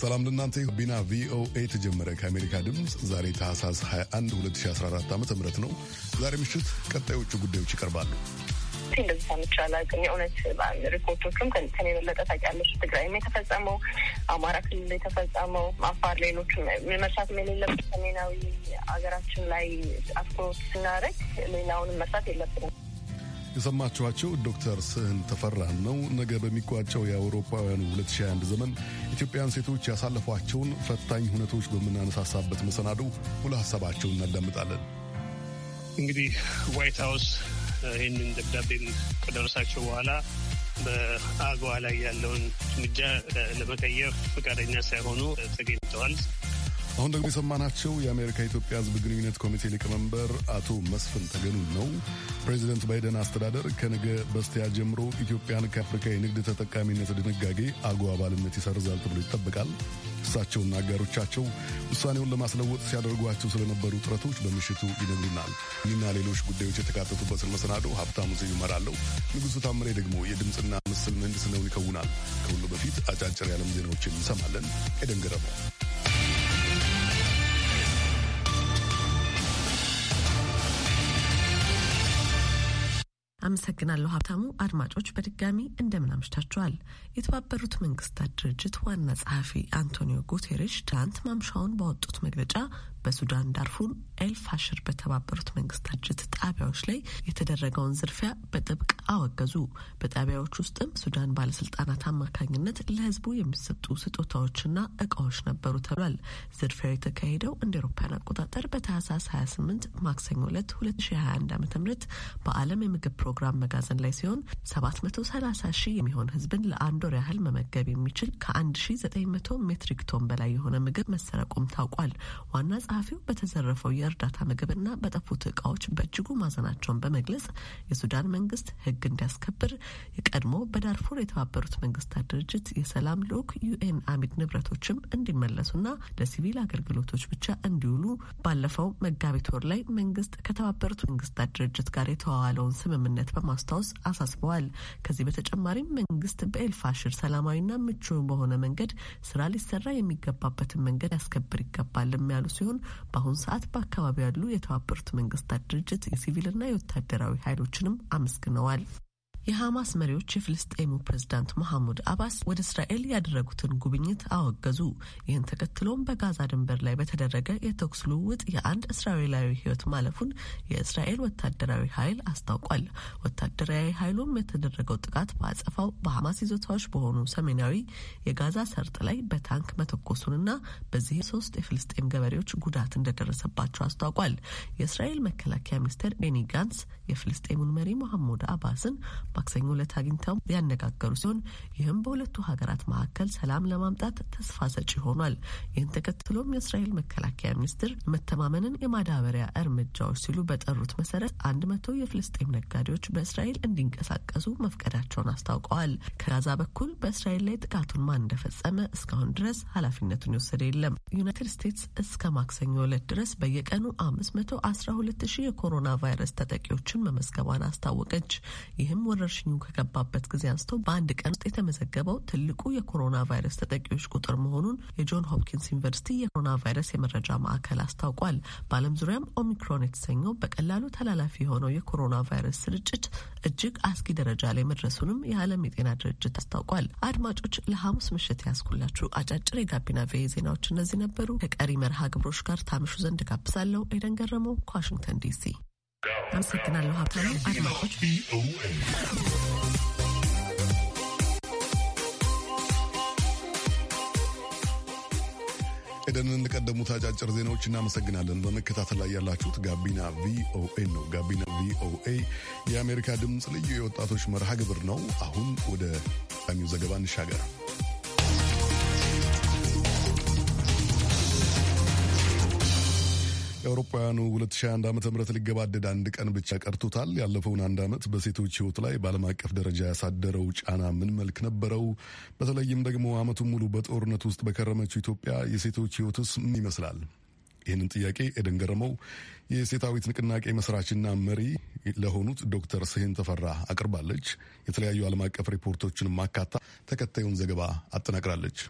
ሰላም ለእናንተ ቢና ቪኦኤ ተጀመረ። ከአሜሪካ ድምፅ ዛሬ ታህሳስ 21 2014 ዓ ም ነው። ዛሬ ምሽት ቀጣዮቹ ጉዳዮች ይቀርባሉ። እንደዚህ ሰምቼ አላውቅም። የእውነት ሪፖርቶቹም ከኔ የበለጠ ታውቂያለሽ። ትግራይም የተፈጸመው አማራ ክልል የተፈጸመው አፋር፣ ሌሎችም መርሳት የሌለበት ሰሜናዊ ሀገራችን ላይ አትኩሮት ስናደረግ ሌላውንም መርሳት የለብንም። የሰማችኋቸው ዶክተር ስህን ተፈራን ነው። ነገ በሚጓቸው የአውሮፓውያኑ 2021 ዘመን ኢትዮጵያን ሴቶች ያሳለፏቸውን ፈታኝ ሁነቶች በምናነሳሳበት መሰናዶ ሙሉ ሀሳባቸውን እናዳምጣለን። እንግዲህ ዋይት ሀውስ ይህንን ደብዳቤ ከደረሳቸው በኋላ በአገዋ ላይ ያለውን እርምጃ ለመቀየር ፈቃደኛ ሳይሆኑ ተገኝተዋል። አሁን ደግሞ የሰማናቸው የአሜሪካ ኢትዮጵያ ሕዝብ ግንኙነት ኮሚቴ ሊቀመንበር አቶ መስፍን ተገኑ ነው። ፕሬዚደንት ባይደን አስተዳደር ከነገ በስቲያ ጀምሮ ኢትዮጵያን ከአፍሪካ የንግድ ተጠቃሚነት ድንጋጌ አጎ አባልነት ይሰርዛል ተብሎ ይጠበቃል። እሳቸውና አጋሮቻቸው ውሳኔውን ለማስለወጥ ሲያደርጓቸው ስለነበሩ ጥረቶች በምሽቱ ይነግሩናል። ይህና ሌሎች ጉዳዮች የተካተቱበትን መሰናዶ ሀብታሙ ስዩም ይመራለሁ። ንጉሱ ታምሬ ደግሞ የድምፅና ምስል ምህንድስናውን ይከውናል። ከሁሉ በፊት አጫጭር የዓለም ዜናዎችን እንሰማለን። ኤደን ገረመው አመሰግናለሁ ሀብታሙ። አድማጮች በድጋሚ እንደምናምሽታችኋል። የተባበሩት መንግስታት ድርጅት ዋና ጸሐፊ አንቶኒዮ ጉቴሬሽ ትናንት ማምሻውን ባወጡት መግለጫ በሱዳን ዳርፉር ኤልፋሽር በተባበሩት መንግስታት ድርጅት ጣቢያዎች ላይ የተደረገውን ዝርፊያ በጥብቅ አወገዙ። በጣቢያዎች ውስጥም ሱዳን ባለስልጣናት አማካኝነት ለህዝቡ የሚሰጡ ስጦታዎችና እቃዎች ነበሩ ተብሏል። ዝርፊያው የተካሄደው እንደ ኤሮፓያን አቆጣጠር በታህሳስ 28 ማክሰኞ ዕለት 2021 ዓ ም በዓለም የምግብ ፕሮግራም መጋዘን ላይ ሲሆን 730 ሺህ የሚሆን ህዝብን ለአንድ ወር ያህል መመገብ የሚችል ከ1900 ሜትሪክ ቶን በላይ የሆነ ምግብ መሰረቁም ታውቋል። ዋና ጸሐፊው በተዘረፈው የእርዳታ ምግብና በጠፉት እቃዎች በእጅጉ ማዘናቸውን በመግለጽ የሱዳን መንግስት ህግ እንዲያስከብር የቀድሞ በዳርፉር የተባበሩት መንግስታት ድርጅት የሰላም ልዑክ ዩኤን አሚድ ንብረቶችም እንዲመለሱና ለሲቪል አገልግሎቶች ብቻ እንዲውሉ ባለፈው መጋቢት ወር ላይ መንግስት ከተባበሩት መንግስታት ድርጅት ጋር የተዋዋለውን ስምምነት በማስታወስ አሳስበዋል። ከዚህ በተጨማሪም መንግስት በኤልፋሽር ሰላማዊና ምቹ በሆነ መንገድ ስራ ሊሰራ የሚገባበትን መንገድ ያስከብር ይገባልም ያሉ ሲሆን ሲሆን በአሁኑ ሰዓት በአካባቢው ያሉ የተባበሩት መንግስታት ድርጅት የሲቪልና የወታደራዊ ኃይሎችንም አመስግነዋል። የሐማስ መሪዎች የፍልስጤሙ ፕሬዝዳንት መሐሙድ አባስ ወደ እስራኤል ያደረጉትን ጉብኝት አወገዙ። ይህን ተከትሎም በጋዛ ድንበር ላይ በተደረገ የተኩስ ልውውጥ የአንድ እስራኤላዊ ሕይወት ማለፉን የእስራኤል ወታደራዊ ኃይል አስታውቋል። ወታደራዊ ኃይሉም የተደረገው ጥቃት በአጸፋው በሐማስ ይዞታዎች በሆኑ ሰሜናዊ የጋዛ ሰርጥ ላይ በታንክ መተኮሱንና በዚህ ሶስት የፍልስጤም ገበሬዎች ጉዳት እንደደረሰባቸው አስታውቋል። የእስራኤል መከላከያ ሚኒስቴር ቤኒ ጋንስ የፍልስጤሙን መሪ መሐሙድ አባስን ማክሰኞ ዕለት አግኝተው ያነጋገሩ ሲሆን ይህም በሁለቱ ሀገራት መካከል ሰላም ለማምጣት ተስፋ ሰጪ ሆኗል። ይህን ተከትሎም የእስራኤል መከላከያ ሚኒስትር መተማመንን የማዳበሪያ እርምጃዎች ሲሉ በጠሩት መሰረት አንድ መቶ የፍልስጤም ነጋዴዎች በእስራኤል እንዲንቀሳቀሱ መፍቀዳቸውን አስታውቀዋል። ከጋዛ በኩል በእስራኤል ላይ ጥቃቱን ማን እንደፈጸመ እስካሁን ድረስ ኃላፊነቱን የወሰደ የለም። ዩናይትድ ስቴትስ እስከ ማክሰኞ ዕለት ድረስ በየቀኑ ሁለት ሺህ የኮሮና ቫይረስ ተጠቂዎችን መመዝገቧን አስታወቀች። ይህም ወረ ወረርሽኙ ከገባበት ጊዜ አንስቶ በአንድ ቀን ውስጥ የተመዘገበው ትልቁ የኮሮና ቫይረስ ተጠቂዎች ቁጥር መሆኑን የጆን ሆፕኪንስ ዩኒቨርሲቲ የኮሮና ቫይረስ የመረጃ ማዕከል አስታውቋል። በዓለም ዙሪያም ኦሚክሮን የተሰኘው በቀላሉ ተላላፊ የሆነው የኮሮና ቫይረስ ስርጭት እጅግ አስጊ ደረጃ ላይ መድረሱንም የዓለም የጤና ድርጅት አስታውቋል። አድማጮች ለሐሙስ ምሽት ያስኩላችሁ አጫጭር የጋቢና ቪኦኤ ዜናዎች እነዚህ ነበሩ። ከቀሪ መርሃ ግብሮች ጋር ታምሹ ዘንድ ጋብዛለሁ። ኤደን ገረመው ከዋሽንግተን ዲሲ አመሰግናለሁ ሀብታሙ። አድማጮች እንደቀደሙት አጫጭር ዜናዎች እናመሰግናለን። በመከታተል ላይ ያላችሁት ጋቢና ቪኦኤ ነው። ጋቢና ቪኦኤ የአሜሪካ ድምፅ ልዩ የወጣቶች መርሃ ግብር ነው። አሁን ወደ ቀዳሚው ዘገባ እንሻገር። ከአውሮፓውያኑ 2021 ዓ ም ሊገባደድ አንድ ቀን ብቻ ቀርቶታል። ያለፈውን አንድ ዓመት በሴቶች ሕይወት ላይ በዓለም አቀፍ ደረጃ ያሳደረው ጫና ምን መልክ ነበረው? በተለይም ደግሞ ዓመቱን ሙሉ በጦርነት ውስጥ በከረመችው ኢትዮጵያ የሴቶች ሕይወትስ ምን ይመስላል? ይህንን ጥያቄ ኤደን ገረመው የሴታዊት ንቅናቄ መስራችና መሪ ለሆኑት ዶክተር ስሄን ተፈራ አቅርባለች። የተለያዩ ዓለም አቀፍ ሪፖርቶችን ማካታ ተከታዩን ዘገባ አጠናቅራለች።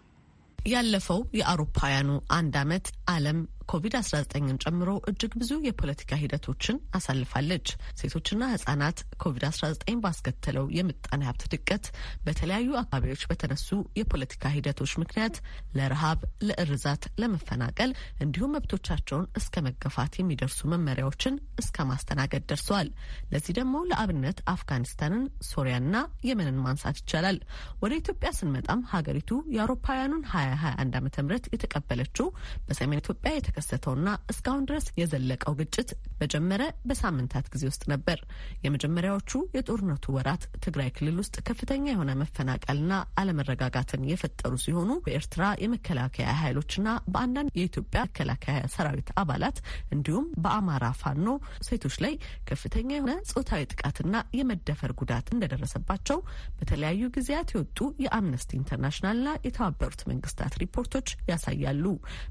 ያለፈው የአውሮፓውያኑ አንድ ዓመት ዓለም ኮቪድ-19ን ጨምሮ እጅግ ብዙ የፖለቲካ ሂደቶችን አሳልፋለች። ሴቶችና ህጻናት ኮቪድ-19 ባስከተለው የምጣኔ ሀብት ድቀት በተለያዩ አካባቢዎች በተነሱ የፖለቲካ ሂደቶች ምክንያት ለረሃብ፣ ለእርዛት፣ ለመፈናቀል እንዲሁም መብቶቻቸውን እስከ መገፋት የሚደርሱ መመሪያዎችን እስከ ማስተናገድ ደርሰዋል። ለዚህ ደግሞ ለአብነት አፍጋኒስታንን፣ ሶሪያና የመንን ማንሳት ይቻላል። ወደ ኢትዮጵያ ስንመጣም ሀገሪቱ የአውሮፓውያኑን 2021 ዓ ም የተቀበለችው በሰሜን ኢትዮጵያ የተከሰተውና እስካሁን ድረስ የዘለቀው ግጭት በጀመረ በሳምንታት ጊዜ ውስጥ ነበር። የመጀመሪያዎቹ የጦርነቱ ወራት ትግራይ ክልል ውስጥ ከፍተኛ የሆነ መፈናቀልና አለመረጋጋትን የፈጠሩ ሲሆኑ በኤርትራ የመከላከያ ኃይሎችና በአንዳንድ የኢትዮጵያ መከላከያ ሰራዊት አባላት እንዲሁም በአማራ ፋኖ ሴቶች ላይ ከፍተኛ የሆነ ጾታዊ ጥቃትና የመደፈር ጉዳት እንደደረሰባቸው በተለያዩ ጊዜያት የወጡ የአምነስቲ ኢንተርናሽናልና የተባበሩት መንግስታት ሪፖርቶች ያሳያሉ።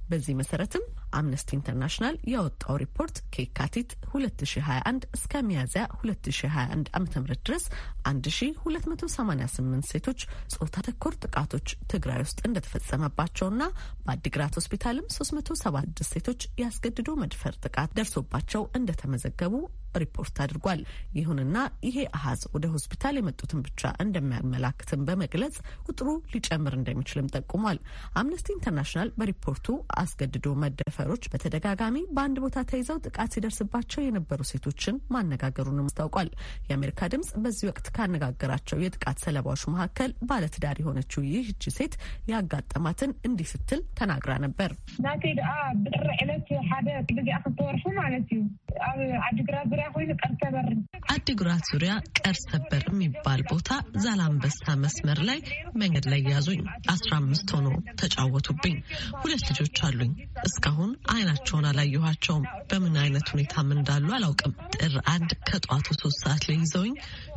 በዚህ መሰረትም አምነስቲ ኢንተርናሽናል ያወጣው ሪፖርት ከየካቲት 2021 እስከ ሚያዝያ 2021 ዓ ም ድረስ 1288 ሴቶች ጾታ ተኮር ጥቃቶች ትግራይ ውስጥ እንደተፈጸመባቸውና በአዲግራት ሆስፒታልም 376 ሴቶች ያስገድዶ መድፈር ጥቃት ደርሶባቸው እንደተመዘገቡ ሪፖርት አድርጓል። ይሁንና ይሄ አሀዝ ወደ ሆስፒታል የመጡትን ብቻ እንደሚያመላክትም በመግለጽ ቁጥሩ ሊጨምር እንደሚችልም ጠቁሟል። አምነስቲ ኢንተርናሽናል በሪፖርቱ አስገድዶ መደፈሮች በተደጋጋሚ በአንድ ቦታ ተይዘው ጥቃት ሲደርስባቸው የነበሩ ሴቶችን ማነጋገሩንም አስታውቋል። የአሜሪካ ድምጽ በዚህ ወቅት ካነጋገራቸው የጥቃት ሰለባዎች መካከል ባለትዳር የሆነችው ይህች ሴት ያጋጠማትን እንዲህ ስትል ተናግራ ነበር። ናቴ ብጥሪ ዕለት ሓደ ግዜ ማለት እዩ ኣብ ዓዲግራት ዙርያ አዲግራት ዙሪያ ቀርሰበር የሚባል ቦታ ዛላንበሳ መስመር ላይ መንገድ ላይ ያዙኝ። አስራ አምስት ሆኖ ተጫወቱብኝ። ሁለት ልጆች አሉኝ። እስካሁን አይናቸውን አላየኋቸውም። በምን አይነት ሁኔታም እንዳሉ አላውቅም። ጥር አንድ ከጠዋቱ ሶስት ሰዓት ላይ ይዘውኝ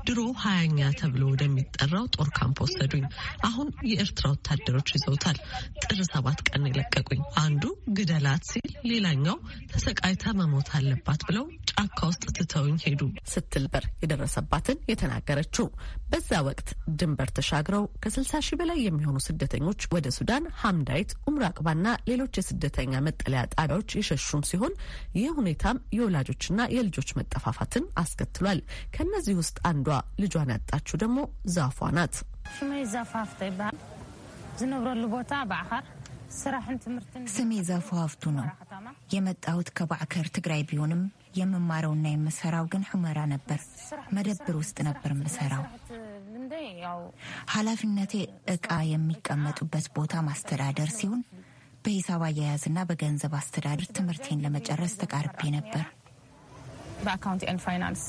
ድሮ ሀያኛ ተብሎ ወደሚጠራው ጦር ካምፕ ወሰዱኝ። አሁን የኤርትራ ወታደሮች ይዘውታል። ጥር ሰባት ቀን የለቀቁኝ። አንዱ ግደላት ሲል፣ ሌላኛው ተሰቃይታ መሞት አለባት ብለው ጫካ ውስጥ ትተውኝ ሄዱ ስትል በር የደረሰባትን የተናገረችው በዛ ወቅት ድንበር ተሻግረው ከ60 ሺህ በላይ የሚሆኑ ስደተኞች ወደ ሱዳን ሀምዳይት፣ አቅባና ሌሎች የስደተኛ መጠለያ ጣቢያዎች የሸሹም ሲሆን ይህ ሁኔታም የወላጆችና የልጆች መጠፋፋትን አስከትሏል። ከእነዚህ ውስጥ አንዱ በመውለዷ ልጇን ያጣችው ደግሞ ዛፏ ናት። ስሜ ዛፉ ሀብቱ ነው። የመጣሁት ከባዕከር ትግራይ ቢሆንም የምማረውና የምሰራው ግን ሑመራ ነበር። መደብር ውስጥ ነበር የምሰራው። ኃላፊነቴ እቃ የሚቀመጡበት ቦታ ማስተዳደር ሲሆን በሂሳብ አያያዝና በገንዘብ አስተዳደር ትምህርቴን ለመጨረስ ተቃርቤ ነበር። በአካውንቲንግ ፋይናንስ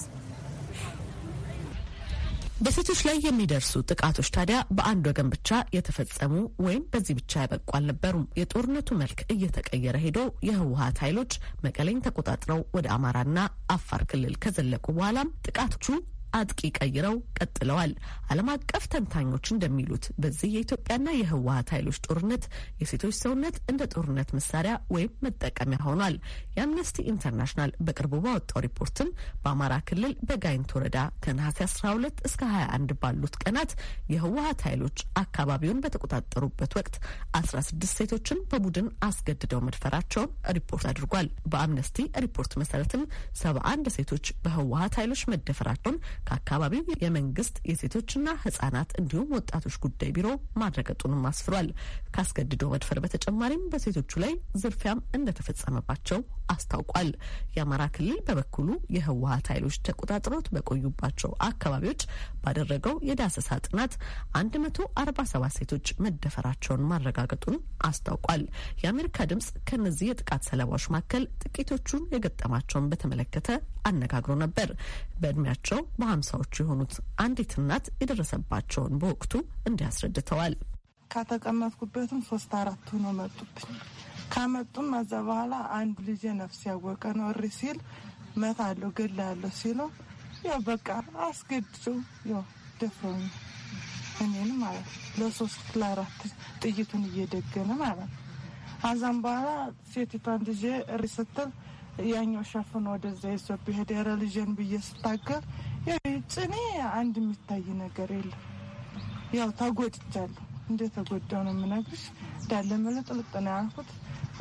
በሴቶች ላይ የሚደርሱ ጥቃቶች ታዲያ በአንድ ወገን ብቻ የተፈጸሙ ወይም በዚህ ብቻ ያበቁ አልነበሩም። የጦርነቱ መልክ እየተቀየረ ሄዶ የህወሀት ኃይሎች መቀሌን ተቆጣጥረው ወደ አማራና አፋር ክልል ከዘለቁ በኋላም ጥቃቶቹ አጥቂ ቀይረው ቀጥለዋል። ዓለም አቀፍ ተንታኞች እንደሚሉት በዚህ የኢትዮጵያና የህወሀት ኃይሎች ጦርነት የሴቶች ሰውነት እንደ ጦርነት መሳሪያ ወይም መጠቀሚያ ሆኗል። የአምነስቲ ኢንተርናሽናል በቅርቡ ባወጣው ሪፖርትም በአማራ ክልል በጋይንት ወረዳ ከነሐሴ 12 እስከ 21 ባሉት ቀናት የህወሀት ኃይሎች አካባቢውን በተቆጣጠሩበት ወቅት 16 ሴቶችን በቡድን አስገድደው መድፈራቸውን ሪፖርት አድርጓል። በአምነስቲ ሪፖርት መሰረትም 71 ሴቶች በህወሀት ኃይሎች መደፈራቸውን ከአካባቢው የመንግስት የሴቶችና ህጻናት እንዲሁም ወጣቶች ጉዳይ ቢሮ ማረጋገጡንም አስፍሯል። ካስገድዶ መድፈር በተጨማሪም በሴቶቹ ላይ ዝርፊያም እንደተፈጸመባቸው አስታውቋል። የአማራ ክልል በበኩሉ የህወሀት ኃይሎች ተቆጣጥሮት በቆዩባቸው አካባቢዎች ባደረገው የዳሰሳ ጥናት 147 ሴቶች መደፈራቸውን ማረጋገጡን አስታውቋል። የአሜሪካ ድምጽ ከነዚህ የጥቃት ሰለባዎች መካከል ጥቂቶቹን የገጠማቸውን በተመለከተ አነጋግሮ ነበር። በእድሜያቸው በሀምሳዎቹ የሆኑት አንዲት እናት የደረሰባቸውን በወቅቱ እንዲያስረድተዋል። ከተቀመጥኩበትም ሶስት አራት ሆኖ መጡብኝ ካመጡም አዛ በኋላ አንድ ልጄ ነፍስ ያወቀ ነው እሪ ሲል መት አለሁ ገላ ያለሁ ሲሉ ያው በቃ አስገድዶ ያው ደፍሮኝ እኔን ማለት ለሶስት ለአራት ጥይቱን እየደገነ ማለት ነው። አዛም በኋላ ሴቲቷን ልጄ እሪ ስትል ያኛው ሸፍኖ ወደዛ ይዞብኝ ሄደ። ኧረ ልጄን ብዬ ስታገር ጭኔ አንድ የሚታይ ነገር የለም። ያው ተጎድቻለሁ። እንደ ተጎዳው ነው የምነግርሽ። እንዳለ ምልጥልጥ ነው ያልኩት።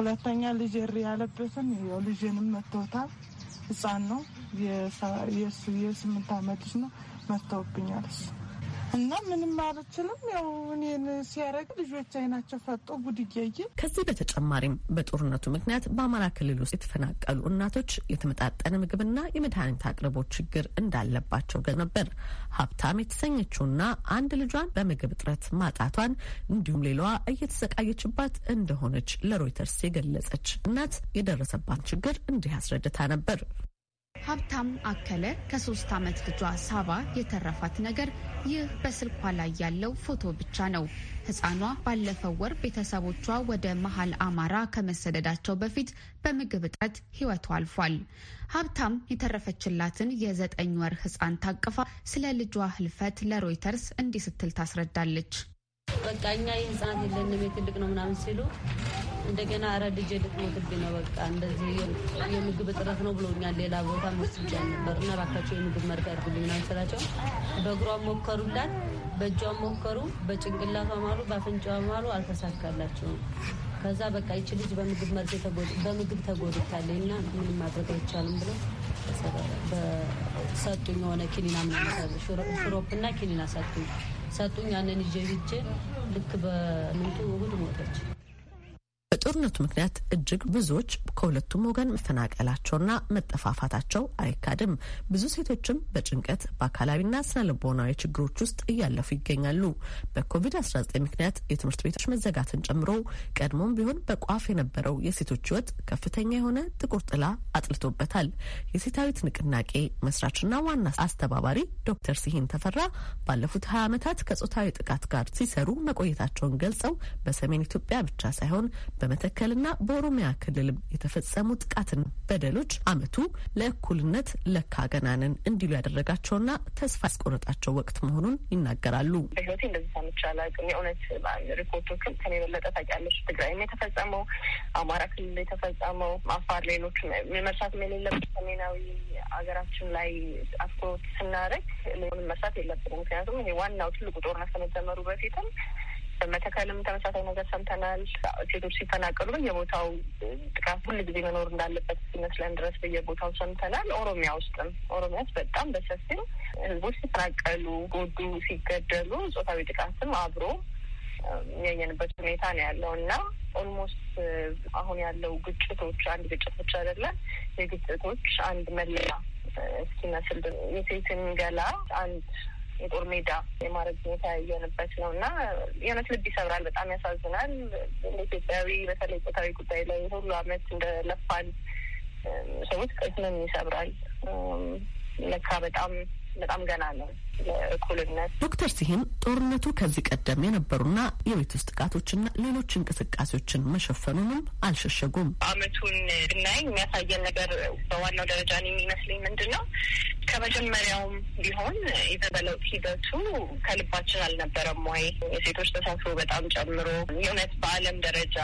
ሁለተኛ ልጅ ሪ ያለበትን ያው ልጅንም መተውታል። ህፃን ነው የሱ የስምንት አመት ልጅ ነው መተውብኛል እሱ እና ምንም አልችልም። ያው እኔን ሲያደርግ ልጆች አይናቸው ፈጦ ጉድ እያየ ከዚህ በተጨማሪም በጦርነቱ ምክንያት በአማራ ክልል ውስጥ የተፈናቀሉ እናቶች የተመጣጠነ ምግብና የመድኃኒት አቅርቦት ችግር እንዳለባቸው ገ ነበር። ሀብታም የተሰኘችውና አንድ ልጇን በምግብ እጥረት ማጣቷን እንዲሁም ሌላዋ እየተሰቃየችባት እንደሆነች ለሮይተርስ የገለጸች እናት የደረሰባት ችግር እንዲህ አስረድታ ነበር። ሀብታም አከለ ከሶስት ዓመት ልጇ ሳባ የተረፋት ነገር ይህ በስልኳ ላይ ያለው ፎቶ ብቻ ነው። ህፃኗ ባለፈው ወር ቤተሰቦቿ ወደ መሀል አማራ ከመሰደዳቸው በፊት በምግብ እጥረት ሕይወቷ አልፏል። ሀብታም የተረፈችላትን የዘጠኝ ወር ህፃን ታቅፋ ስለ ልጇ ህልፈት ለሮይተርስ እንዲህ ስትል ታስረዳለች። በቃ እኛ የህፃናት የለንም የትልቅ ነው ምናምን ሲሉ እንደገና ልቅ ሞትብ ነው በቃ እንደዚህ የምግብ እጥረት ነው ብሎኛል። ሌላ ቦታ መስጃ ነበር እና እባካቸው የምግብ መርጋ ያድርጉልኝ ምናምን ስላቸው በእግሯም ሞከሩላት፣ በእጇም ሞከሩ፣ በጭንቅላቷ ማሉ፣ በአፍንጫዋም ማሉ፣ አልተሳካላቸውም። ከዛ በቃ ይች ልጅ በምግብ መርፌ በምግብ ተጎድታለች እና ምንም ማድረግ አይቻልም ብሎ ሰጡኝ። የሆነ ኪኒና ምናምን ሽሮፕ እና ኪኒና ሰጡኝ። ሰጡኝ። ያንን ይዤ ሂጄ ልክ በምንቱ እሑድ ሞተች። በጦርነቱ ምክንያት እጅግ ብዙዎች ከሁለቱም ወገን መፈናቀላቸውና መጠፋፋታቸው አይካድም። ብዙ ሴቶችም በጭንቀት በአካላዊና ስነ ልቦናዊ ችግሮች ውስጥ እያለፉ ይገኛሉ። በኮቪድ-19 ምክንያት የትምህርት ቤቶች መዘጋትን ጨምሮ ቀድሞም ቢሆን በቋፍ የነበረው የሴቶች ህይወት ከፍተኛ የሆነ ጥቁር ጥላ አጥልቶበታል። የሴታዊት ንቅናቄ መስራችና ዋና አስተባባሪ ዶክተር ሲሂን ተፈራ ባለፉት ሀያ ዓመታት ከጾታዊ ጥቃት ጋር ሲሰሩ መቆየታቸውን ገልጸው በሰሜን ኢትዮጵያ ብቻ ሳይሆን በመተከልና በኦሮሚያ ክልልም የተፈጸሙ ጥቃትን በደሎች አመቱ ለእኩልነት ለካ ገናንን እንዲሉ ያደረጋቸውና ተስፋ ያስቆረጣቸው ወቅት መሆኑን ይናገራሉ። በህይወቴ እንደዚህ ሰምቼ አላውቅም። የእውነት ሪፖርቶችን ከኔ የበለጠ ታውቂያለሽ። ትግራይም የተፈጸመው አማራ ክልል የተፈጸመው አፋር፣ ሌሎች መርሳት የሌለበት ሰሜናዊ ሀገራችን ላይ አትኩሮት ስናደርግ መርሳት የለብንም። ምክንያቱም ይሄ ዋናው ትልቁ ጦርነት ከመጀመሩ በፊትም በመተከልም ተመሳሳይ ነገር ሰምተናል። ሴቶች ሲፈናቀሉ በየቦታው ጥቃት ሁል ጊዜ መኖር እንዳለበት ሲመስለን ድረስ በየቦታው ሰምተናል። ኦሮሚያ ውስጥም ኦሮሚያ ውስጥ በጣም በሰፊው ህዝቦች ሲፈናቀሉ፣ ጎዱ፣ ሲገደሉ ጾታዊ ጥቃትም አብሮ ያየንበት ሁኔታ ነው ያለው እና ኦልሞስት አሁን ያለው ግጭቶች አንድ ግጭቶች አይደለም የግጭቶች አንድ መለያ እስኪመስል የሴትን ገላ አንድ የጦር ሜዳ የማድረግ ሁኔታ እየሆነበት ነው እና የእውነት ልብ ይሰብራል። በጣም ያሳዝናል። ኢትዮጵያዊ በተለይ ቦታዊ ጉዳይ ላይ ሁሉ አመት እንደ ለፋን ሰዎች ቀስምን ይሰብራል። ለካ በጣም በጣም ገና ነው ለእኩልነት። ዶክተር ሲሂን ጦርነቱ ከዚህ ቀደም የነበሩና የቤት ውስጥ ጥቃቶችና ሌሎች እንቅስቃሴዎችን መሸፈኑንም አልሸሸጉም። አመቱን ብናይ የሚያሳየን ነገር በዋናው ደረጃ የሚመስለኝ ምንድን ነው ከመጀመሪያውም ቢሆን የተበለውጥ ሂደቱ ከልባችን አልነበረም ወይ? የሴቶች ተሳትፎ በጣም ጨምሮ የእውነት በዓለም ደረጃ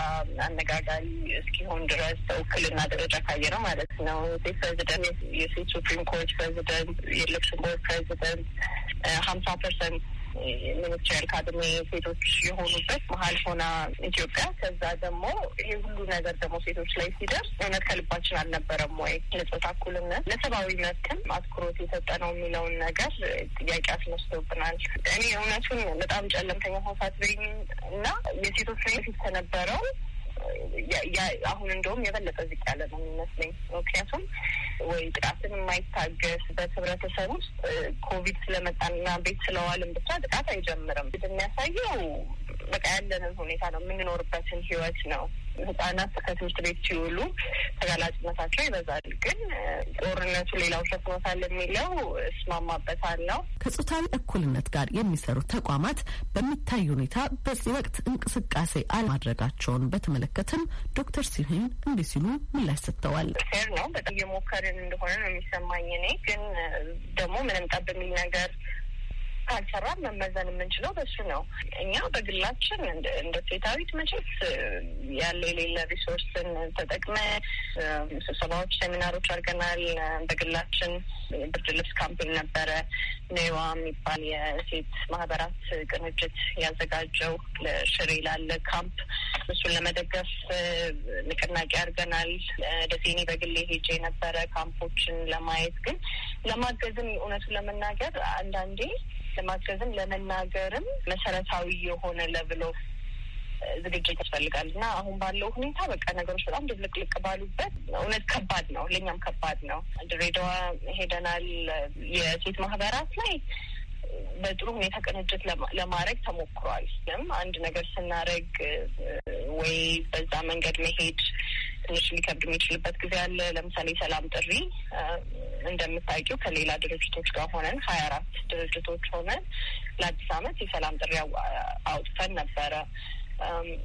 አነጋጋሪ እስኪሆን ድረስ በውክልና ደረጃ ካየ ነው ማለት ነው። ሴት ፕሬዚደንት፣ የሴት ሱፕሪም ኮርት ፕሬዚደንት፣ የሉክስምቦርግ ፕሬዚደንት ሀምሳ ፐርሰንት ሚኒስትሪያል ካድሜ ሴቶች የሆኑበት መሀል ሆና ኢትዮጵያ። ከዛ ደግሞ ይሄ ሁሉ ነገር ደግሞ ሴቶች ላይ ሲደርስ እውነት ከልባችን አልነበረም ወይ? ለጾታ እኩልነት ለሰብአዊ መብትም አትኩሮት የሰጠ ነው የሚለውን ነገር ጥያቄ አስነስቶብናል። እኔ እውነቱን በጣም ጨለምተኛ ሆሳት ብኝ እና የሴቶች ላይ ፊት ከነበረው አሁን እንደውም የበለጠ ዝቅ ያለ ነው የሚመስለኝ። ምክንያቱም ወይ ጥቃትን የማይታገስ በህብረተሰብ ውስጥ ኮቪድ ስለመጣና ቤት ስለዋልም ብቻ ጥቃት አይጀምርም። የሚያሳየው በቃ ያለንን ሁኔታ ነው፣ የምንኖርበትን ህይወት ነው ህጻናት ከትምህርት ቤት ሲውሉ ተጋላጭነታቸው ይበዛል። ግን ጦርነቱ ሌላው ሸፍኖታል የሚለው የሚለው እስማማበታለሁ። ከጾታዊ እኩልነት ጋር የሚሰሩ ተቋማት በሚታይ ሁኔታ በዚህ ወቅት እንቅስቃሴ አለማድረጋቸውን በተመለከተም ዶክተር ሲሁን እንዲህ ሲሉ ምላሽ ሰጥተዋል። ፌር ነው በጣም የሞከርን እንደሆነ ነው የሚሰማኝ እኔ ግን ደግሞ ምንም ጠብ የሚል ነገር ካልሰራን መመዘን የምንችለው በሱ ነው። እኛ በግላችን እንደ ሴታዊት መቼስ ያለ የሌለ ሪሶርስን ተጠቅመ ስብሰባዎች፣ ሴሚናሮች አድርገናል። በግላችን ብርድ ልብስ ካምፔን ነበረ። ኔዋ የሚባል የሴት ማህበራት ቅንጅት ያዘጋጀው ለሽሬ ላለ ካምፕ እሱን ለመደገፍ ንቅናቄ አድርገናል። ደሴኔ በግሌ ሄጄ ነበረ ካምፖችን ለማየት ግን ለማገዝም እውነቱን ለመናገር አንዳንዴ ለማገዝም ለመናገርም መሰረታዊ የሆነ ለብሎ ዝግጅት ያስፈልጋል እና አሁን ባለው ሁኔታ በቃ ነገሮች በጣም ድብልቅልቅ ባሉበት እውነት ከባድ ነው። ለእኛም ከባድ ነው። ድሬዳዋ ሄደናል። የሴት ማህበራት ላይ በጥሩ ሁኔታ ቅንጅት ለማድረግ ተሞክሯል። ስም አንድ ነገር ስናደረግ ወይ በዛ መንገድ መሄድ ትንሽ ሊከብድ የሚችልበት ጊዜ አለ። ለምሳሌ ሰላም ጥሪ እንደምታውቂው ከሌላ ድርጅቶች ጋር ሆነን ሀያ አራት ድርጅቶች ሆነን ለአዲስ ዓመት የሰላም ጥሪ አውጥተን ነበረ።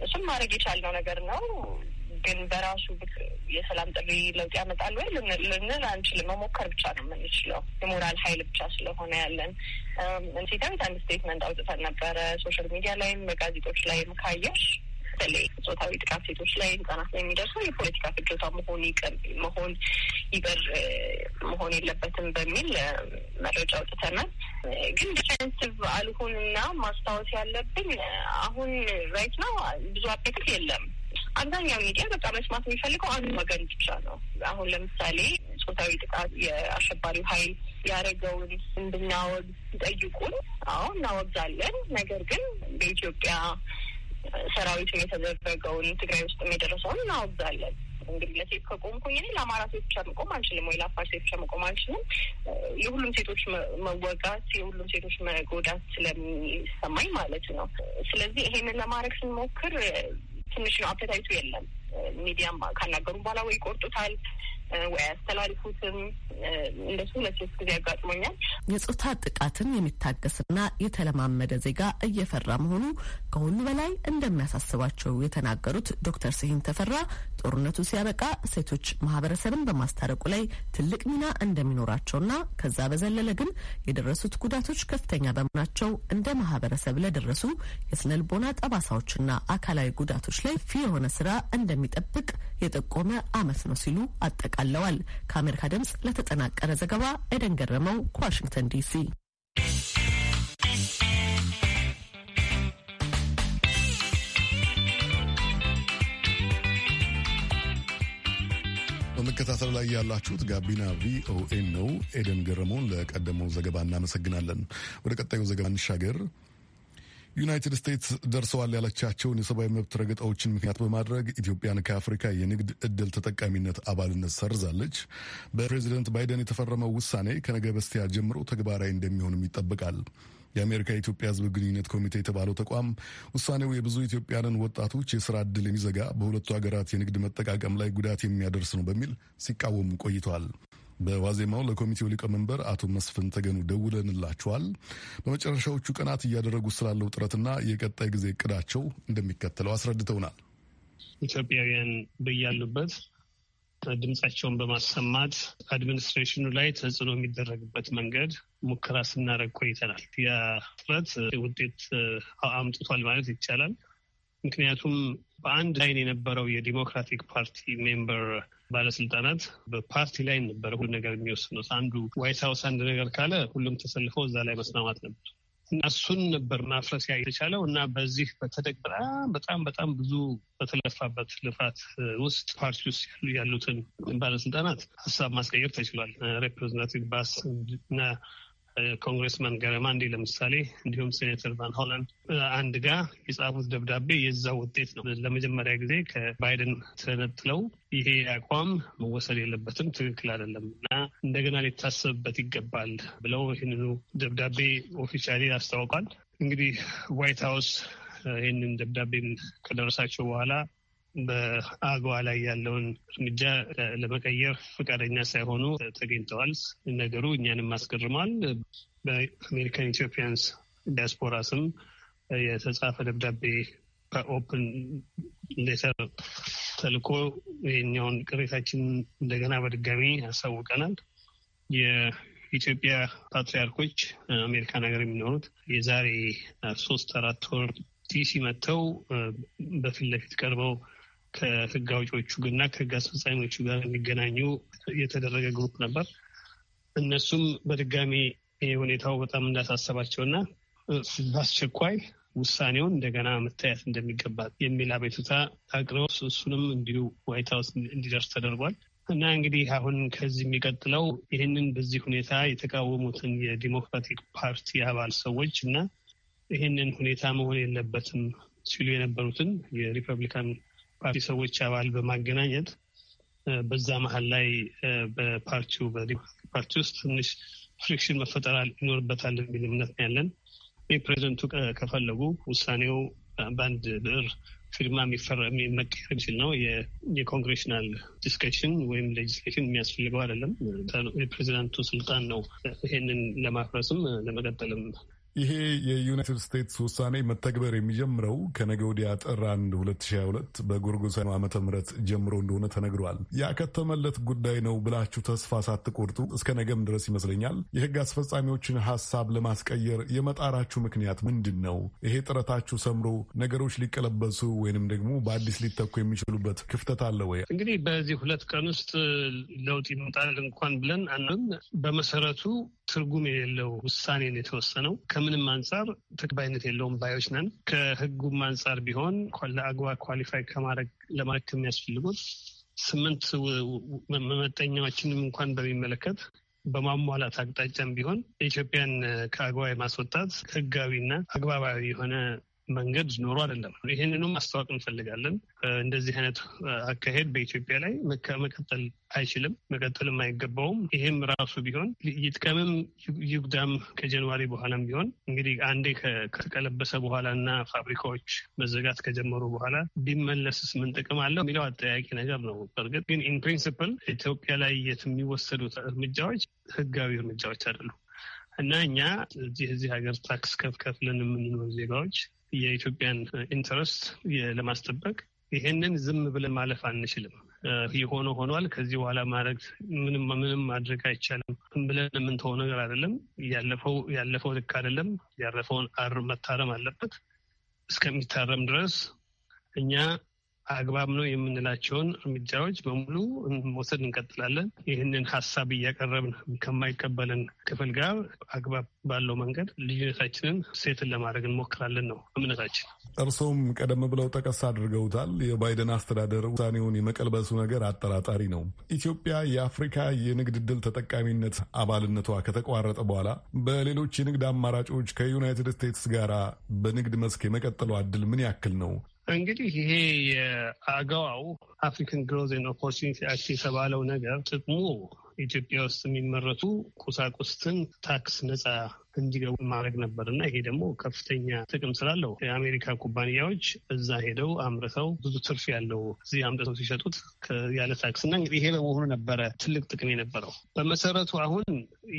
እሱም ማድረግ የቻልነው ነገር ነው። ግን በራሱ የሰላም ጥሪ ለውጥ ያመጣል ወይ ልንል አንችልም። መሞከር ብቻ ነው የምንችለው። የሞራል ኃይል ብቻ ስለሆነ ያለን ሴታዊት አንድ ስቴትመንት አውጥተን ነበረ ሶሻል ሚዲያ ላይም በጋዜጦች ላይም ካየሽ በተለይ ጾታዊ ጥቃት ሴቶች ላይ ህጻናት ላይ የሚደርሰው የፖለቲካ ፍጆታ መሆን መሆን ይበር መሆን የለበትም በሚል መረጃ አውጥተናል። ግን ዲፌንሲቭ አልሆንና ማስታወስ ያለብኝ አሁን ራይት ነው ብዙ አፔትት የለም አብዛኛው ሚዲያ በቃ መስማት የሚፈልገው አንድ ወገን ብቻ ነው። አሁን ለምሳሌ ጾታዊ ጥቃት የአሸባሪው ኃይል ያደረገውን እንድናወግ ሲጠይቁን፣ አዎ እናወግዛለን። ነገር ግን በኢትዮጵያ ሰራዊት የተደረገውን ትግራይ ውስጥ የደረሰውን እናወግዛለን። እንግዲህ ለሴት ከቆምኩኝ እኔ ለአማራ ሴት ብቻ መቆም አልችልም፣ ወይ ለአፋር ሴት ብቻ መቆም አልችልም። የሁሉም ሴቶች መወጋት፣ የሁሉም ሴቶች መጎዳት ስለሚሰማኝ ማለት ነው። ስለዚህ ይሄንን ለማድረግ ስንሞክር ትንሽ ነው አፕታይቱ የለም። ሚዲያም ካናገሩም በኋላ ወይ ይቆርጡታል ወይ አስተላልፉትም። እንደሱ ሁለት ጊዜ አጋጥሞኛል። የጾታ ጥቃትን የሚታገስና የተለማመደ ዜጋ እየፈራ መሆኑ ከሁሉ በላይ እንደሚያሳስባቸው የተናገሩት ዶክተር ስሂን ተፈራ ጦርነቱ ሲያበቃ ሴቶች ማህበረሰብን በማስታረቁ ላይ ትልቅ ሚና እንደሚኖራቸውና ከዛ በዘለለ ግን የደረሱት ጉዳቶች ከፍተኛ በመሆናቸው እንደ ማህበረሰብ ለደረሱ የስነ ልቦና ጠባሳዎችና አካላዊ ጉዳቶች ላይ ፊ የሆነ ስራ እንደሚጠብቅ የጠቆመ አመት ነው ሲሉ አጠቃ አቃለዋል። ከአሜሪካ ድምጽ ለተጠናቀረ ዘገባ ኤደን ገረመው ከዋሽንግተን ዲሲ። በመከታተል ላይ ያላችሁት ጋቢና ቪኦኤ ነው። ኤደን ገረመውን ለቀደመው ዘገባ እናመሰግናለን። ወደ ቀጣዩ ዘገባ እንሻገር። ዩናይትድ ስቴትስ ደርሰዋል ያለቻቸውን የሰብአዊ መብት ረገጣዎችን ምክንያት በማድረግ ኢትዮጵያን ከአፍሪካ የንግድ እድል ተጠቃሚነት አባልነት ሰርዛለች። በፕሬዚደንት ባይደን የተፈረመው ውሳኔ ከነገ በስቲያ ጀምሮ ተግባራዊ እንደሚሆንም ይጠበቃል። የአሜሪካ የኢትዮጵያ ሕዝብ ግንኙነት ኮሚቴ የተባለው ተቋም ውሳኔው የብዙ ኢትዮጵያንን ወጣቶች የስራ እድል የሚዘጋ፣ በሁለቱ ሀገራት የንግድ መጠቃቀም ላይ ጉዳት የሚያደርስ ነው በሚል ሲቃወሙ ቆይተዋል። በዋዜማው ለኮሚቴው ሊቀመንበር አቶ መስፍን ተገኑ ደውለንላቸዋል። በመጨረሻዎቹ ቀናት እያደረጉት ስላለው ጥረትና የቀጣይ ጊዜ እቅዳቸው እንደሚከተለው አስረድተውናል። ኢትዮጵያውያን በያሉበት ድምጻቸውን በማሰማት አድሚኒስትሬሽኑ ላይ ተጽዕኖ የሚደረግበት መንገድ ሙከራ ስናደርግ ቆይተናል። ያ ጥረት ውጤት አምጥቷል ማለት ይቻላል። ምክንያቱም በአንድ ላይን የነበረው የዲሞክራቲክ ፓርቲ ሜምበር ባለስልጣናት በፓርቲ ላይ ነበረ ሁሉ ነገር የሚወስኑት። አንዱ ዋይት ሀውስ አንድ ነገር ካለ ሁሉም ተሰልፈው እዛ ላይ መስማማት ነበር እና እሱን ነበር ማፍረስ የተቻለው እና በዚህ በተደግ በጣም በጣም በጣም ብዙ በተለፋበት ልፋት ውስጥ ፓርቲ ውስጥ ያሉትን ባለስልጣናት ሀሳብ ማስቀየር ተችሏል። ሬፕሬዘንታቲቭ ባስ እና ኮንግሬስመን ገረማ እንዲ ለምሳሌ እንዲሁም ሴኔተር ቫን ሆለን አንድ ጋር የጻፉት ደብዳቤ የዛው ውጤት ነው። ለመጀመሪያ ጊዜ ከባይደን ተነጥለው ይሄ አቋም መወሰድ የለበትም፣ ትክክል አይደለም እና እንደገና ሊታሰብበት ይገባል ብለው ይህንኑ ደብዳቤ ኦፊሻሊ አስታውቋል። እንግዲህ ዋይት ሀውስ ይህንን ደብዳቤ ከደረሳቸው በኋላ በአገዋ ላይ ያለውን እርምጃ ለመቀየር ፈቃደኛ ሳይሆኑ ተገኝተዋል። ነገሩ እኛንም አስገርሟል። በአሜሪካን ኢትዮጵያንስ ዲያስፖራ ስም የተጻፈ ደብዳቤ ከኦፕን ሌተር ተልኮ ይህኛውን ቅሬታችን እንደገና በድጋሚ ያሳውቀናል። የኢትዮጵያ ፓትሪያርኮች አሜሪካን ሀገር የሚኖሩት የዛሬ ሶስት አራት ወር ዲሲ መጥተው በፊት ለፊት ቀርበው ከህግ አውጪዎቹ እና ከህግ አስፈጻሚዎቹ ጋር የሚገናኙ የተደረገ ግሩፕ ነበር። እነሱም በድጋሚ ሁኔታው በጣም እንዳሳሰባቸው እና በአስቸኳይ ውሳኔውን እንደገና መታየት እንደሚገባ የሚል አቤቱታ አቅርበው እሱንም እንዲሁ ዋይት ሀውስ እንዲደርስ ተደርጓል እና እንግዲህ አሁን ከዚህ የሚቀጥለው ይህንን በዚህ ሁኔታ የተቃወሙትን የዲሞክራቲክ ፓርቲ አባል ሰዎች እና ይህንን ሁኔታ መሆን የለበትም ሲሉ የነበሩትን የሪፐብሊካን ፓርቲ ሰዎች አባል በማገናኘት በዛ መሀል ላይ በፓርቲው በዲሞክራቲክ ፓርቲ ውስጥ ትንሽ ፍሪክሽን መፈጠር ይኖርበታል የሚል እምነት ያለን። ፕሬዚደንቱ ከፈለጉ ውሳኔው በአንድ ብዕር ፊርማ መቀየር የሚችል ነው። የኮንግሬሽናል ዲስከሽን ወይም ሌጅስሌሽን የሚያስፈልገው አይደለም። የፕሬዚዳንቱ ስልጣን ነው። ይሄንን ለማፍረስም ለመቀጠልም ይሄ የዩናይትድ ስቴትስ ውሳኔ መተግበር የሚጀምረው ከነገ ወዲያ ጥር 1 2022 በጎርጎሳኑ ዓመተ ምህረት ጀምሮ እንደሆነ ተነግሯል። ያከተመለት ጉዳይ ነው ብላችሁ ተስፋ ሳትቆርጡ እስከ ነገም ድረስ ይመስለኛል የህግ አስፈጻሚዎችን ሀሳብ ለማስቀየር የመጣራችሁ ምክንያት ምንድን ነው? ይሄ ጥረታችሁ ሰምሮ ነገሮች ሊቀለበሱ ወይንም ደግሞ በአዲስ ሊተኩ የሚችሉበት ክፍተት አለ ወይ? እንግዲህ በዚህ ሁለት ቀን ውስጥ ለውጥ ይመጣል እንኳን ብለን አንም በመሰረቱ ትርጉም የሌለው ነው የተወሰነው ከምንም አንጻር ተቀባይነት የለውም ባዮች ነን። ከህጉም አንጻር ቢሆን ለአግባ ኳሊፋይ ከማድረግ ለማድረግ ከሚያስፈልጉት ስምንት መመጠኛዎችንም እንኳን በሚመለከት በማሟላት አቅጣጫም ቢሆን ኢትዮጵያን ከአግባ የማስወጣት ህጋዊና አግባባዊ የሆነ መንገድ ኖሮ አይደለም። ይህንኑ ማስታወቅ እንፈልጋለን። እንደዚህ አይነት አካሄድ በኢትዮጵያ ላይ መቀጠል አይችልም፣ መቀጠልም አይገባውም። ይህም ራሱ ቢሆን ይጥቀምም ይጉዳም ከጀንዋሪ በኋላም ቢሆን እንግዲህ አንዴ ከተቀለበሰ በኋላ እና ፋብሪካዎች መዘጋት ከጀመሩ በኋላ ቢመለስስ ምን ጥቅም አለው የሚለው አጠያቂ ነገር ነው። በእርግጥ ግን ኢን ፕሪንሲፕል ኢትዮጵያ ላይ የት የሚወሰዱት እርምጃዎች ህጋዊ እርምጃዎች አይደሉም እና እኛ እዚህ እዚህ ሀገር ታክስ ከፍከፍለን የምንኖር ዜጋዎች የኢትዮጵያን ኢንተረስት ለማስጠበቅ ይሄንን ዝም ብለን ማለፍ አንችልም። የሆነ ሆኗል። ከዚህ በኋላ ማድረግ ምንም ምንም ማድረግ አይቻልም ብለን የምንተው ነገር አይደለም። ያለፈው ያለፈው ልክ አይደለም። ያረፈውን አር መታረም አለበት። እስከሚታረም ድረስ እኛ አግባብ ነው የምንላቸውን እርምጃዎች በሙሉ መውሰድ እንቀጥላለን። ይህንን ሀሳብ እያቀረብን ከማይቀበልን ክፍል ጋር አግባብ ባለው መንገድ ልዩነታችንን ሴትን ለማድረግ እንሞክራለን ነው እምነታችን። እርሰውም ቀደም ብለው ጠቀስ አድርገውታል። የባይደን አስተዳደር ውሳኔውን የመቀልበሱ ነገር አጠራጣሪ ነው። ኢትዮጵያ የአፍሪካ የንግድ ድል ተጠቃሚነት አባልነቷ ከተቋረጠ በኋላ በሌሎች የንግድ አማራጮች ከዩናይትድ ስቴትስ ጋር በንግድ መስክ የመቀጠሏ እድል ምን ያክል ነው? እንግዲህ ይሄ የአገዋው አፍሪካን ግሮዝ ኤንድ ኦፖርቹኒቲ አክት የተባለው ነገር ጥቅሙ ኢትዮጵያ ውስጥ የሚመረቱ ቁሳቁስትን ታክስ ነጻ እንዲገቡ ማድረግ ነበር እና ይሄ ደግሞ ከፍተኛ ጥቅም ስላለው የአሜሪካ ኩባንያዎች እዛ ሄደው አምርተው ብዙ ትርፍ ያለው እዚህ አምርተው ሲሸጡት ያለ ታክስ እና እንግዲህ ይሄ በመሆኑ ነበረ ትልቅ ጥቅም የነበረው። በመሰረቱ አሁን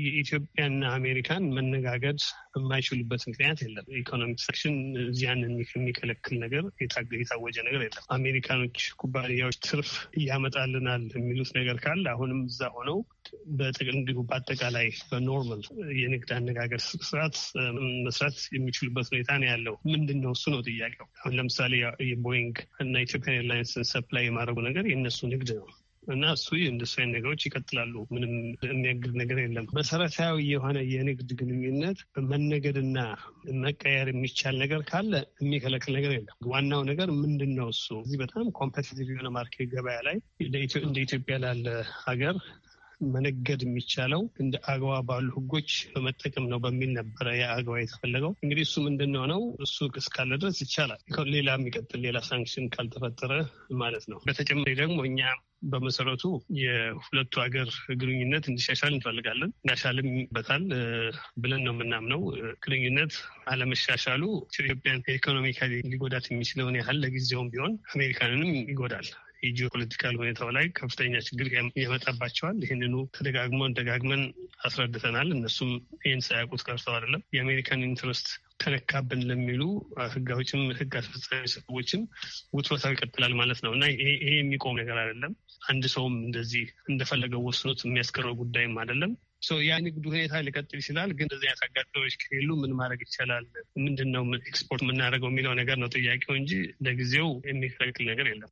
የኢትዮጵያና አሜሪካን መነጋገድ የማይችሉበት ምክንያት የለም። ኢኮኖሚክ ሴክሽን እዚያንን የሚከለክል ነገር የታወጀ ነገር የለም። አሜሪካኖች ኩባንያዎች ትርፍ ያመጣልናል የሚሉት ነገር ካለ አሁንም እዛ ሆነው እንዲሁ በአጠቃላይ በኖርማል የንግድ አነጋገር ስርዓት መስራት የሚችሉበት ሁኔታ ነው ያለው። ምንድን ነው እሱ ነው ጥያቄው። አሁን ለምሳሌ የቦይንግ እና ኢትዮጵያን ኤርላይንስን ሰፕላይ የማድረጉ ነገር የእነሱ ንግድ ነው እና እሱ ኢንዱስትሪ ነገሮች ይቀጥላሉ። ምንም የሚያግድ ነገር የለም። መሰረታዊ የሆነ የንግድ ግንኙነት መነገድና መቀየር የሚቻል ነገር ካለ የሚከለክል ነገር የለም። ዋናው ነገር ምንድን ነው እሱ እዚህ በጣም ኮምፐቲቲቭ የሆነ ማርኬት ገበያ ላይ እንደ ኢትዮጵያ ላለ ሀገር መነገድ የሚቻለው እንደ አገዋ ባሉ ህጎች በመጠቀም ነው በሚል ነበረ የአግባ የተፈለገው። እንግዲህ እሱ ምንድን ነው እሱ እስካለ ድረስ ይቻላል። ሌላ የሚቀጥል ሌላ ሳንክሽን ካልተፈጠረ ማለት ነው። በተጨማሪ ደግሞ እኛ በመሰረቱ የሁለቱ ሀገር ግንኙነት እንዲሻሻል እንፈልጋለን። በታል ብለን ነው የምናምነው። ግንኙነት አለመሻሻሉ ኢትዮጵያን ኢኮኖሚካሊ ሊጎዳት የሚችለውን ያህል ለጊዜውም ቢሆን አሜሪካንንም ይጎዳል። ፖለቲካል ሁኔታው ላይ ከፍተኛ ችግር ያመጣባቸዋል። ይህንኑ ተደጋግመን ደጋግመን አስረድተናል። እነሱም ይህን ሳያውቁት ቀርተው አይደለም። የአሜሪካን ኢንትረስት ተነካብን ለሚሉ ህጋዎችም ህግ አስፈጻሚ ሰዎችም ውትወታው ይቀጥላል ማለት ነው እና ይሄ የሚቆም ነገር አይደለም። አንድ ሰውም እንደዚህ እንደፈለገው ወስኖት የሚያስቀረው ጉዳይም አይደለም። ንግዱ ሁኔታ ሊቀጥል ይችላል። ግን እዚህ ያሳጋጠዎች ከሌሉ ምን ማድረግ ይቻላል? ምንድን ነው ኤክስፖርት የምናደርገው የሚለው ነገር ነው ጥያቄው እንጂ ለጊዜው የሚፈለግል ነገር የለም።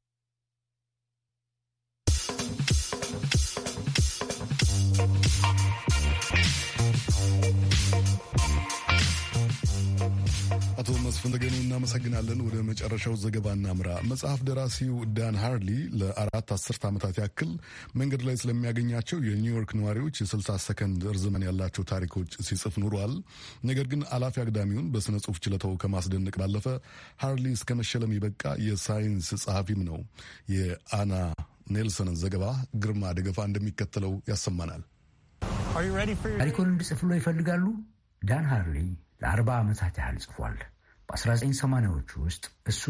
አስፈንተገኑ እናመሰግናለን። ወደ መጨረሻው ዘገባ እናምራ። መጽሐፍ ደራሲው ዳን ሃርሊ ለአራት አስርት ዓመታት ያክል መንገድ ላይ ስለሚያገኛቸው የኒውዮርክ ነዋሪዎች የ60 ሰከንድ እርዝመን ያላቸው ታሪኮች ሲጽፍ ኑሯል። ነገር ግን አላፊ አግዳሚውን በሥነ ጽሑፍ ችለታው ከማስደነቅ ባለፈ ሃርሊ እስከ መሸለም የበቃ የሳይንስ ጸሐፊም ነው። የአና ኔልሰንን ዘገባ ግርማ ደገፋ እንደሚከተለው ያሰማናል። ታሪኮን እንዲጽፍሎ ይፈልጋሉ? ዳን ሃርሊ ለአርባ ዓመታት ያህል ጽፏል። በ1980ዎቹ ውስጥ እሱ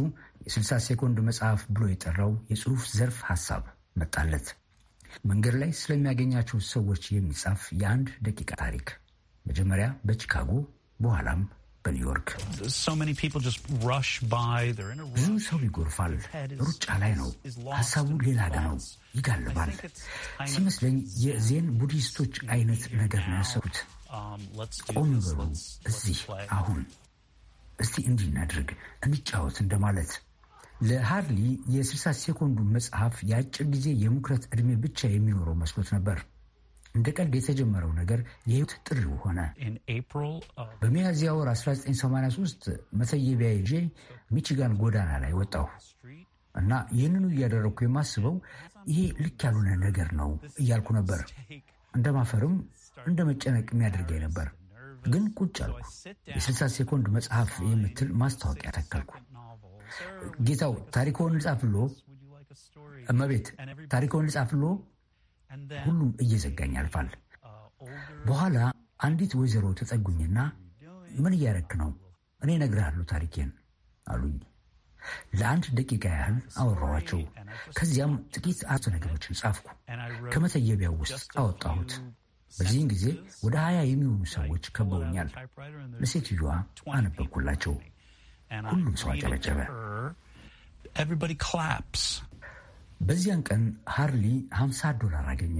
የ60 ሴኮንድ መጽሐፍ ብሎ የጠራው የጽሑፍ ዘርፍ ሐሳብ መጣለት። መንገድ ላይ ስለሚያገኛቸው ሰዎች የሚጻፍ የአንድ ደቂቃ ታሪክ መጀመሪያ በቺካጎ በኋላም በኒውዮርክ ብዙ ሰው ይጎርፋል። ሩጫ ላይ ነው። ሀሳቡ ሌላ ጋ ነው። ይጋልባል። ሲመስለኝ የዜን ቡዲስቶች አይነት ነገር ነው ያሰቡት። um, ቆም በሉ፣ እዚህ አሁን እስቲ እንዲህ እናድርግ እንጫወት እንደማለት። ለሃርሊ የ60 ሴኮንዱ መጽሐፍ የአጭር ጊዜ የሙክረት ዕድሜ ብቻ የሚኖረው መስሎት ነበር። እንደ ቀልድ የተጀመረው ነገር የህይወት ጥሪው ሆነ። በሚያዝያ ወር 1983 መተየቢያ ይዤ ሚቺጋን ጎዳና ላይ ወጣሁ እና ይህንኑ እያደረግኩ የማስበው ይሄ ልክ ያልሆነ ነገር ነው እያልኩ ነበር። እንደማፈርም እንደ መጨነቅ የሚያደርገኝ ነበር። ግን ቁጭ አልኩ። የ60 ሴኮንድ መጽሐፍ የምትል ማስታወቂያ ተከልኩ። ጌታው ታሪኮን ልጻፍሎ፣ እመቤት ታሪኮን ልጻፍሎ። ሁሉም እየዘጋኝ ያልፋል። በኋላ አንዲት ወይዘሮ ተጠጉኝና ምን እያረክ ነው? እኔ እነግርሃለሁ ታሪኬን አሉኝ። ለአንድ ደቂቃ ያህል አወራኋቸው። ከዚያም ጥቂት አቶ ነገሮችን ጻፍኩ። ከመተየቢያው ውስጥ አወጣሁት። በዚህን ጊዜ ወደ ሀያ የሚሆኑ ሰዎች ከበውኛል። ለሴትዮዋ አነበብኩላቸው። ሁሉም ሰው አጨበጨበ። በዚያን ቀን ሃርሊ 50 ዶላር አገኘ።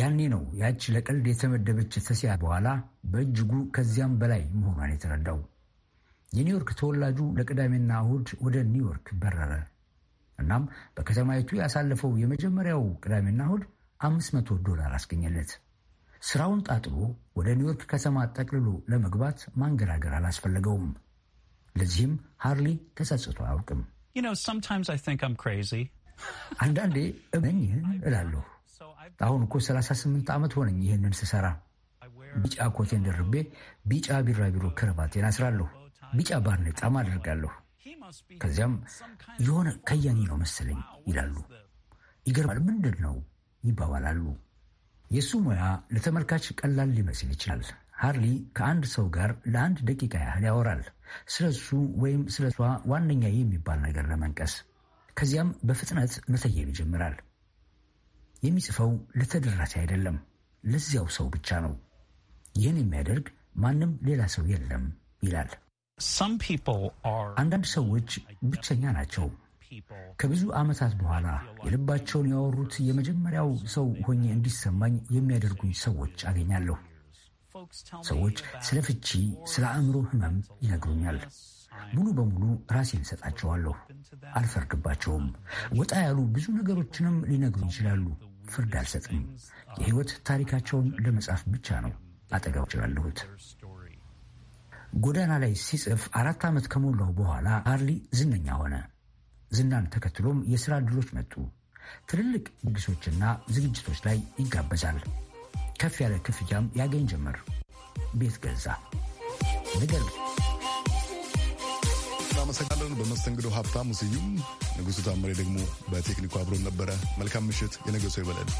ያኔ ነው ያች ለቀልድ የተመደበች ተስያ በኋላ በእጅጉ ከዚያም በላይ መሆኗን የተረዳው። የኒውዮርክ ተወላጁ ለቅዳሜና እሁድ ወደ ኒውዮርክ በረረ። እናም በከተማይቱ ያሳለፈው የመጀመሪያው ቅዳሜና እሁድ 500 ዶላር አስገኘለት። ስራውን ጣጥሎ ወደ ኒውዮርክ ከተማ ጠቅልሎ ለመግባት ማንገራገር አላስፈለገውም። ለዚህም ሃርሊ ተጸጽቶ አያውቅም። አንዳንዴ እመኝ እላለሁ። አሁን እኮ 38 ዓመት ሆነኝ ይህንን ስሰራ። ቢጫ ኮቴን ደርቤ፣ ቢጫ ቢራቢሮ ክረባቴን አስራለሁ፣ ቢጫ ባርኔጣም አደርጋለሁ። ከዚያም የሆነ ከያኒ ነው መሰለኝ ይላሉ። ይገርማል፣ ምንድን ነው ይባባላሉ። የእሱ ሙያ ለተመልካች ቀላል ሊመስል ይችላል። ሃርሊ ከአንድ ሰው ጋር ለአንድ ደቂቃ ያህል ያወራል፣ ስለ እሱ ወይም ስለ እሷ ዋነኛ የሚባል ነገር ለመንቀስ። ከዚያም በፍጥነት መተየብ ይጀምራል። የሚጽፈው ለተደራሲ አይደለም፣ ለዚያው ሰው ብቻ ነው። ይህን የሚያደርግ ማንም ሌላ ሰው የለም ይላል። አንዳንድ ሰዎች ብቸኛ ናቸው። ከብዙ ዓመታት በኋላ የልባቸውን ያወሩት የመጀመሪያው ሰው ሆኜ እንዲሰማኝ የሚያደርጉኝ ሰዎች አገኛለሁ። ሰዎች ስለ ፍቺ፣ ስለ አእምሮ ህመም ይነግሩኛል። ሙሉ በሙሉ ራሴን እሰጣቸዋለሁ። አልፈርድባቸውም። ወጣ ያሉ ብዙ ነገሮችንም ሊነግሩ ይችላሉ። ፍርድ አልሰጥም። የህይወት ታሪካቸውን ለመጻፍ ብቻ ነው አጠገብ ችላለሁት። ጎዳና ላይ ሲጽፍ አራት ዓመት ከሞላው በኋላ አርሊ ዝነኛ ሆነ። ዝናን ተከትሎም የሥራ ዕድሎች መጡ። ትልልቅ ድግሶችና ዝግጅቶች ላይ ይጋበዛል። ከፍ ያለ ክፍያም ያገኝ ጀመር። ቤት ገዛ። ነገር እናመሰግናለን። በመስተንግዶ ሀብታሙ ስዩም፣ ንጉሡ ታምሬ ደግሞ በቴክኒኩ አብሮን ነበረ። መልካም ምሽት። የነገ ሰው ይበለን።